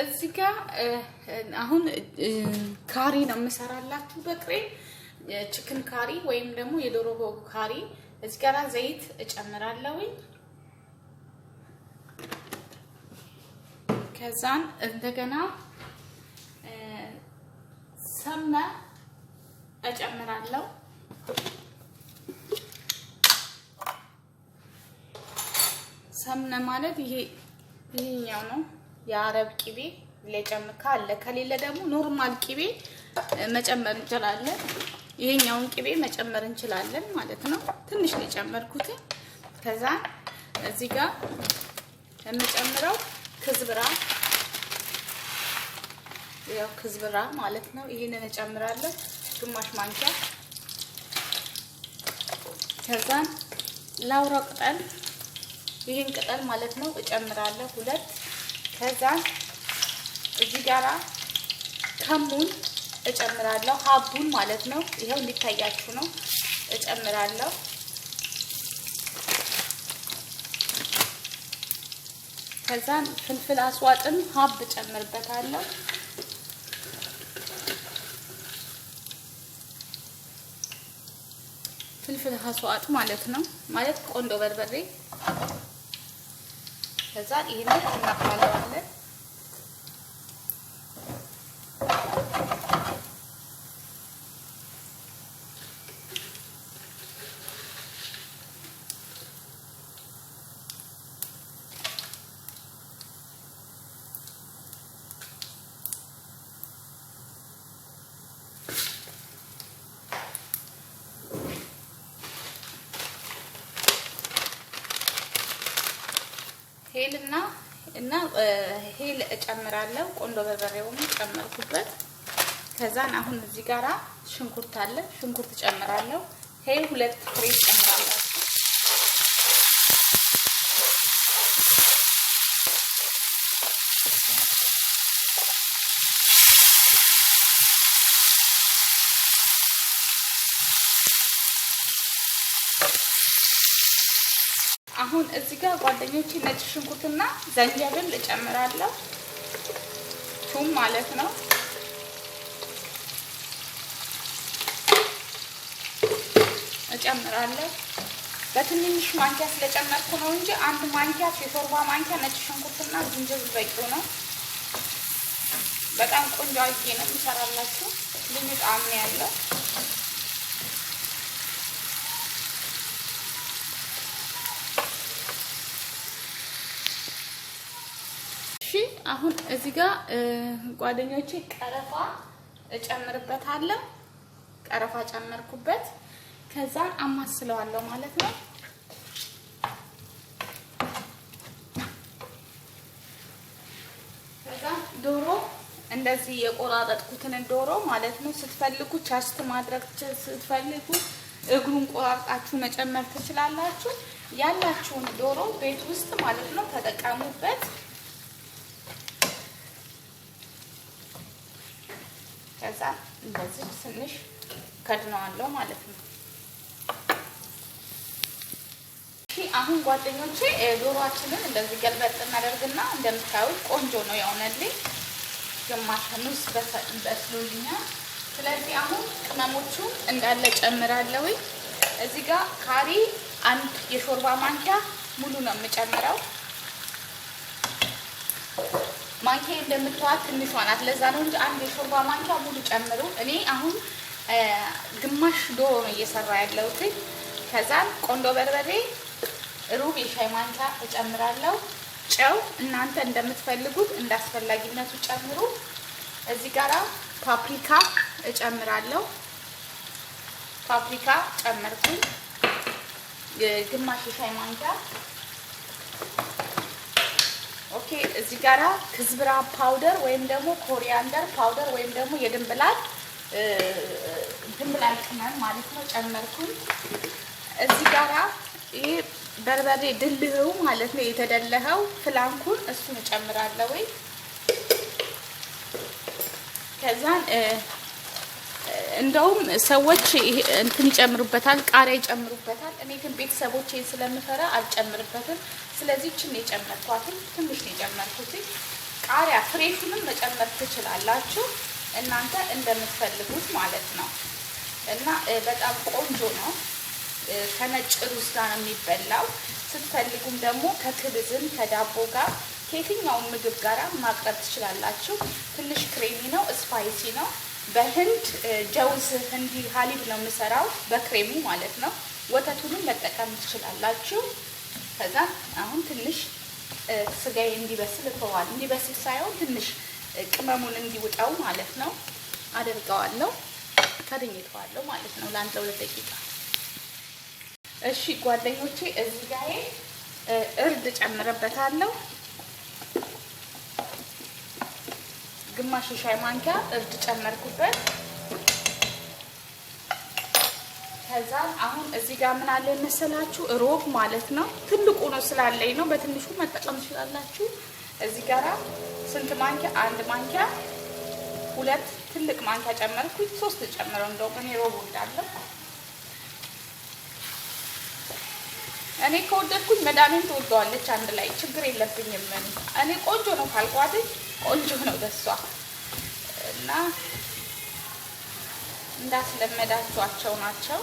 እዚህ ጋር አሁን ካሪ ነው የምሰራላችሁ። በቅሬ ችክን ካሪ ወይም ደግሞ የዶሮ ካሪ። እዚህ ጋር ዘይት እጨምራለሁኝ። ከዛን እንደገና ሰመ እጨምራለሁ። ሰምነ ማለት ይሄ ይሄኛው ነው። የአረብ ቂቤ ለጨምካ አለ። ከሌለ ደግሞ ኖርማል ቂቤ መጨመር እንችላለን። ይሄኛውን ቂቤ መጨመር እንችላለን ማለት ነው። ትንሽ ነው የጨመርኩት። ከዛ እዚህ ጋር የምጨምረው ክዝብራ ያው ክዝብራ ማለት ነው። ይሄንን እጨምራለሁ ግማሽ ማንኪያ። ከዛን ላውራ ቅጠል ይሄን ቅጠል ማለት ነው እጨምራለሁ ሁለት ከዛ እዚህ ጋራ ከሙን እጨምራለሁ ሀቡን ማለት ነው። ይኸው እንዲታያችሁ ነው እጨምራለሁ። ከዛ ፍልፍል አስዋጥን ሀብ እጨምርበታለሁ። ፍልፍል አስዋጥ ማለት ነው ማለት ቆንዶ በርበሬ ከዛ ይህንን እናፋለዋለን ሄልና እና ሄል እጨምራለሁ። ቆንዶ በበሬውም ጨመርኩበት። ከዛን አሁን እዚህ ጋራ ሽንኩርት አለ። ሽንኩርት እጨምራለሁ። ሄል ሁለት ፍሬ ጨምራለሁ። አሁን እዚህ ጋር ጓደኞቼ ነጭ ሽንኩርትና ዘንጀብል እጨምራለሁ። ቱም ማለት ነው። እጨምራለሁ በትንንሽ ማንኪያ ስለጨመርኩ ነው እንጂ አንድ ማንኪያ የሾርባ ማንኪያ ነጭ ሽንኩርትና ዝንጅብል በቂው ነው። በጣም ቆንጆ አድርጌ ነው የሚሰራላችሁ። ልዩ ጣዕም ያለው አሁን እዚህ ጋር ጓደኞቼ ቀረፋ እጨምርበታለሁ። ቀረፋ ጨመርኩበት። ከዛ አማስለዋለሁ ማለት ነው። ከዛ ዶሮ እንደዚህ የቆራረጥኩትን ዶሮ ማለት ነው። ስትፈልጉ ቻስት ማድረግ ስትፈልጉ እግሩን ቆራርጣችሁ መጨመር ትችላላችሁ። ያላችሁን ዶሮ ቤት ውስጥ ማለት ነው ተጠቀሙበት። እንደዚህ ትንሽ ከድነዋለሁ ማለት ነው። አሁን ጓደኞቼ ዶሮአችንን እንደዚህ ገልበጥ እናደርግና እንደምታዩት ቆንጆ ነው የሆነልኝ። ግማሽ ኑስ በስሎልኛል። ስለዚህ አሁን ቅመሞቹ እንዳለ ጨምራለሁ። እዚህ ጋር ካሪ አንድ የሾርባ ማንኪያ ሙሉ ነው የምጨምረው። ማንኪያ እንደምታዋት ትንሿ ናት። ለዛ ነው እንጂ አንድ የሾርባ ማንኪያ ሙሉ ጨምሩ። እኔ አሁን ግማሽ ዶሮ ነው እየሰራ ያለሁት። ከዛ ቆንዶ በርበሬ ሩብ የሻይ ማንኪያ እጨምራለሁ። ጨው እናንተ እንደምትፈልጉት እንዳስፈላጊነቱ ጨምሩ። እዚህ ጋራ ፓፕሪካ እጨምራለሁ። ፓፕሪካ ጨመርኩኝ ግማሽ የሻይ ማንኪያ እዚህ ጋራ ክዝብራ ፓውደር ወይም ደግሞ ኮሪያንደር ፓውደር ወይም ደግሞ የድንብላል ድንብላል ቅመም ማለት ነው ጨመርኩኝ። እዚህ ጋራ ይሄ በርበሬ ድልህው ማለት ነው የተደለኸው ፍላንኩን እሱን እጨምራለሁ ወይ ከዛን እንደውም ሰዎች እንትን ይጨምሩበታል፣ ቃሪያ ይጨምሩበታል። እኔ ግን ቤተሰቦቼ ስለምፈራ አልጨምርበትም። ስለዚህ ችን የጨመርኳትም ትንሽ የጨመርኩት ቃሪያ ፍሬሹንም መጨመር ትችላላችሁ እናንተ እንደምትፈልጉት ማለት ነው። እና በጣም ቆንጆ ነው። ከነጭ ሩዝ ጋር ነው የሚበላው። ስትፈልጉም ደግሞ ከክብዝም ከዳቦ ጋር ከየትኛውም ምግብ ጋር ማቅረብ ትችላላችሁ። ትንሽ ክሬሚ ነው፣ ስፓይሲ ነው። በህንድ ጀውዝ ህንዲ ሀሊብ ነው የምሰራው፣ በክሬሙ ማለት ነው። ወተቱንም መጠቀም ትችላላችሁ። ከዛ አሁን ትንሽ ስጋዬ እንዲበስል እተዋል። እንዲበስል ሳይሆን ትንሽ ቅመሙን እንዲውጣው ማለት ነው አደርገዋለሁ። ከድኝተዋለሁ ማለት ነው ለአንድ ለሁለት ደቂቃ። እሺ ጓደኞቼ እዚህ ጋዬ እርድ ጨምረበታለሁ። ግማሽ የሻይ ማንኪያ እርድ ጨመርኩበት። ከዛ አሁን እዚህ ጋር ምን አለ መሰላችሁ? ሮብ ማለት ነው። ትልቁ ነው ስላለኝ ነው። በትንሹ መጠቀም ትችላላችሁ። እዚህ ጋር ስንት ማንኪያ? አንድ ማንኪያ ሁለት ትልቅ ማንኪያ ጨመርኩ ሶስት ጨምረው እንደውም እኔ ሮብ ወዳለሁ። እኔ ከወደድኩኝ መዳሜን ትወደዋለች። አንድ ላይ ችግር የለብኝም። እኔ ቆንጆ ነው ካልኳትኝ ቆንጆ ነው በሷ እና እንዳስለመዳችኋቸው ናቸው።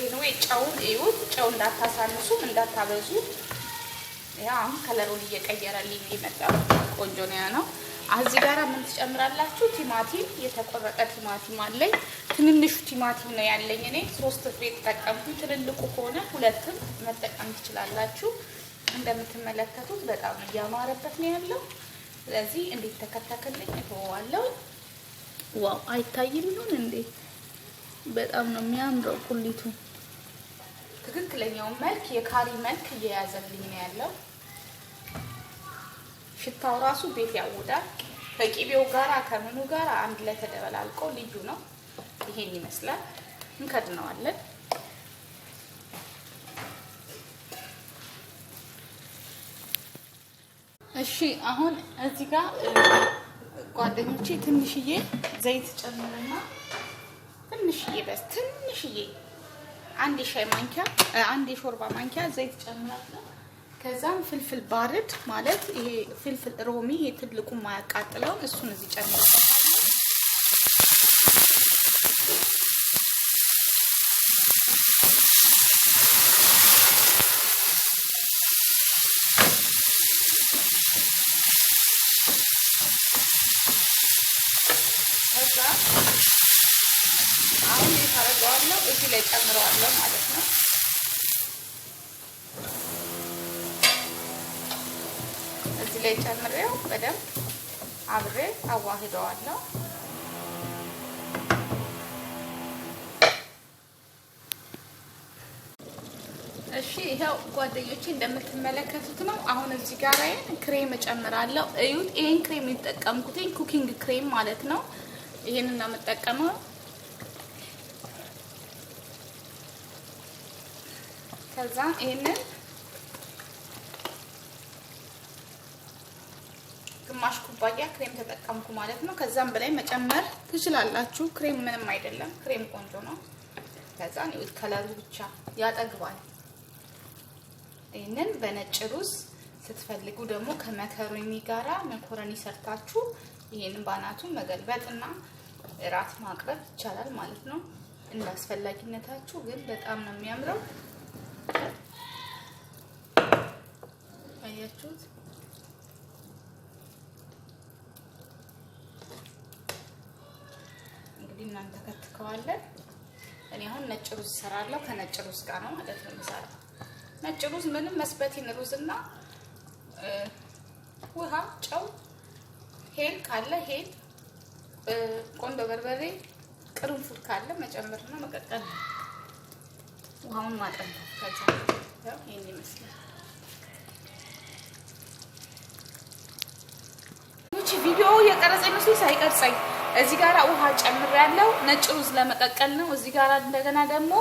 ኤንዌ ጨውን እዩት። ጨው እንዳታሳንሱም እንዳታበዙ። ያ አሁን ከለሩን እየቀየረልኝ የመጣው ቆንጆ ነው ያነው። እዚህ ጋር ምን ትጨምራላችሁ? ቲማቲም፣ የተቆረጠ ቲማቲም አለኝ። ትንንሹ ቲማቲም ነው ያለኝ እኔ ሶስት ፍሬ የተጠቀምኩኝ። ትልልቁ ከሆነ ሁለትም መጠቀም ትችላላችሁ። እንደምትመለከቱት በጣም እያማረበት ነው ያለው። ስለዚህ እንዴት ተከተክልኝ እተወዋለሁ። ዋው አይታይም ይሆን እንዴ? በጣም ነው የሚያምረው። ኩሊቱ ትክክለኛውን መልክ የካሪ መልክ እየያዘልኝ ነው ያለው። ሽታው ራሱ ቤት ያውዳል። ከቂቤው ጋራ ከምኑ ጋራ አንድ ላይ ተደበላልቆ ልዩ ነው። ይሄን ይመስላል። እንከድነዋለን። እሺ አሁን እዚህ ጋር ጓደኞቼ ትንሽዬ ዘይት ጨምርና ትንሽዬ በስ ትንሽዬ አንድ የሻይ ማንኪያ አንድ የሾርባ ማንኪያ ዘይት ጨምራለሁ። ከዛም ፍልፍል ባርድ ማለት ይሄ ፍልፍል ሮሚ ይሄ ትልቁ ማያቃጥለውን እሱን እዚህ ጨምራለሁ። ከዛ አሁን የታረገዋለሁ እዚህ ላይ ጨምረዋለሁ ማለት ነው። እዚህ ላይ ጨምሬው በደንብ አብሬ አዋህደዋለሁ። እሺ ይኸው ጓደኞቼ እንደምትመለከቱት ነው። አሁን እዚህ ጋር ክሬም እጨምራለሁ። እዩት። ይሄን ክሬም የተጠቀምኩትኝ ኩኪንግ ክሬም ማለት ነው። ይህን ነው የምጠቀመው። ከዛ ይህንን ግማሽ ኩባያ ክሬም ተጠቀምኩ ማለት ነው። ከዛም በላይ መጨመር ትችላላችሁ። ክሬም ምንም አይደለም፣ ክሬም ቆንጆ ነው። ከዛ ነው ከለሩ ብቻ ያጠግባል። ይህንን በነጭ ሩዝ ስትፈልጉ ደግሞ ከመከሮኒ ጋራ መኮረኒ ሰርታችሁ ይህን ባናቱን መገልበጥና እራት ማቅረብ ይቻላል ማለት ነው። እንደ አስፈላጊነታችሁ ግን በጣም ነው የሚያምረው። አያችሁት? እንግዲህ እናንተ ከትከዋለን። እኔ አሁን ነጭ ሩዝ እሰራለሁ። ከነጭ ሩዝ ጋር ነው ማለት ነው የምሰራው። ነጭ ሩዝ ምንም መስበቲን ሩዝ እና ውሃ፣ ጨው፣ ሄል ካለ ሄል ቆንጆ በርበሬ፣ ቅርንፉድ ካለ መጨመርና መቀቀል፣ ውሃውን ማጠን። ከዛ ይሄን ይመስላል። ቪዲዮ የቀረጸ ይመስል ሳይቀርጸኝ እዚህ ጋራ ውሃ ጨምሬያለሁ። ነጭ ሩዝ ለመቀቀል ነው። እዚህ ጋራ እንደገና ደግሞ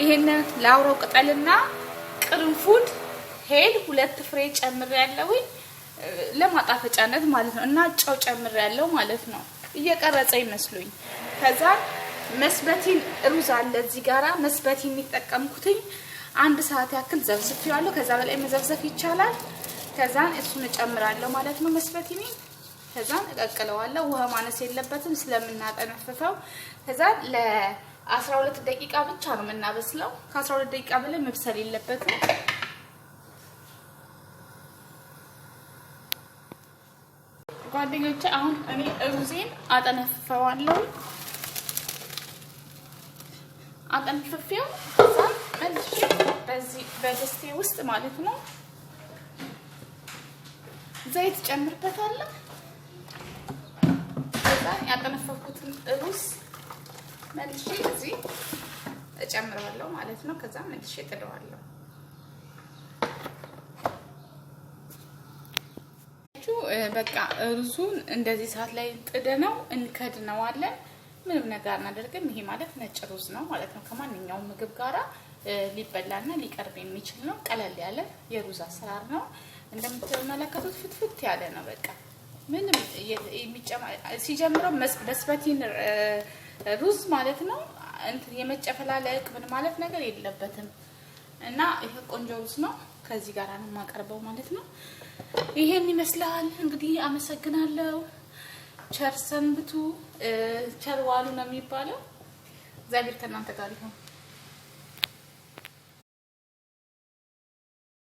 ይሄን ላውራው ቅጠልና ቅርንፉድ ሄል ሁለት ፍሬ ጨምሬያለሁኝ። ለማጣፈጫነት ማለት ነው። እና ጨው ጨምር ያለው ማለት ነው። እየቀረጸ ይመስሉኝ። ከዛ መስበቲን ሩዝ አለ እዚህ ጋራ መስበቲ የሚጠቀምኩትኝ አንድ ሰዓት ያክል ዘብዝፌዋለሁ። ከዛ በላይ መዘብዘፍ ይቻላል። ከዛን እሱን እጨምራለሁ ማለት ነው። መስበቲኒ ከዛን እቀቅለዋለሁ። ውሃ ማነስ የለበትም ስለምናጠነፍፈው። ከዛ ለ 12 ደቂቃ ብቻ ነው የምናበስለው። ከ ከ12 ደቂቃ በላይ መብሰል የለበትም። ጓደኞቼ አሁን እኔ ሩዜን አጠነፍፈዋለሁ። አጠንፍፌው ከዛ መልሼ በዚህ በደስቴ ውስጥ ማለት ነው ዘይት ጨምርበታለሁ። ከዛ ያጠነፈኩትን ሩዝ መልሼ እዚህ እጨምረዋለሁ ማለት ነው። ከዛ መልሼ ጥደዋለሁ። በቃ ሩዙን እንደዚህ ሰዓት ላይ ጥደነው እንከድነዋለን። ምንም ነገር አናደርግም። ይሄ ማለት ነጭ ሩዝ ነው ማለት ነው። ከማንኛውም ምግብ ጋራ ሊበላና ሊቀርብ የሚችል ነው። ቀለል ያለ የሩዝ አሰራር ነው። እንደምትመለከቱት ፍትፍት ያለ ነው። በቃ ምንም ሲጀምረው በስበቲን ሩዝ ማለት ነው። የመጨፈላለቅ ምን ማለት ነገር የለበትም። እና ይሄ ቆንጆ ውዝ ነው። ከዚህ ጋር ነው የማቀርበው ማለት ነው። ይሄን ይመስላል እንግዲህ። አመሰግናለሁ። ቸር ሰንብቱ። ቸር ዋሉ ነው የሚባለው። እግዚአብሔር ከእናንተ ጋር ይሁን።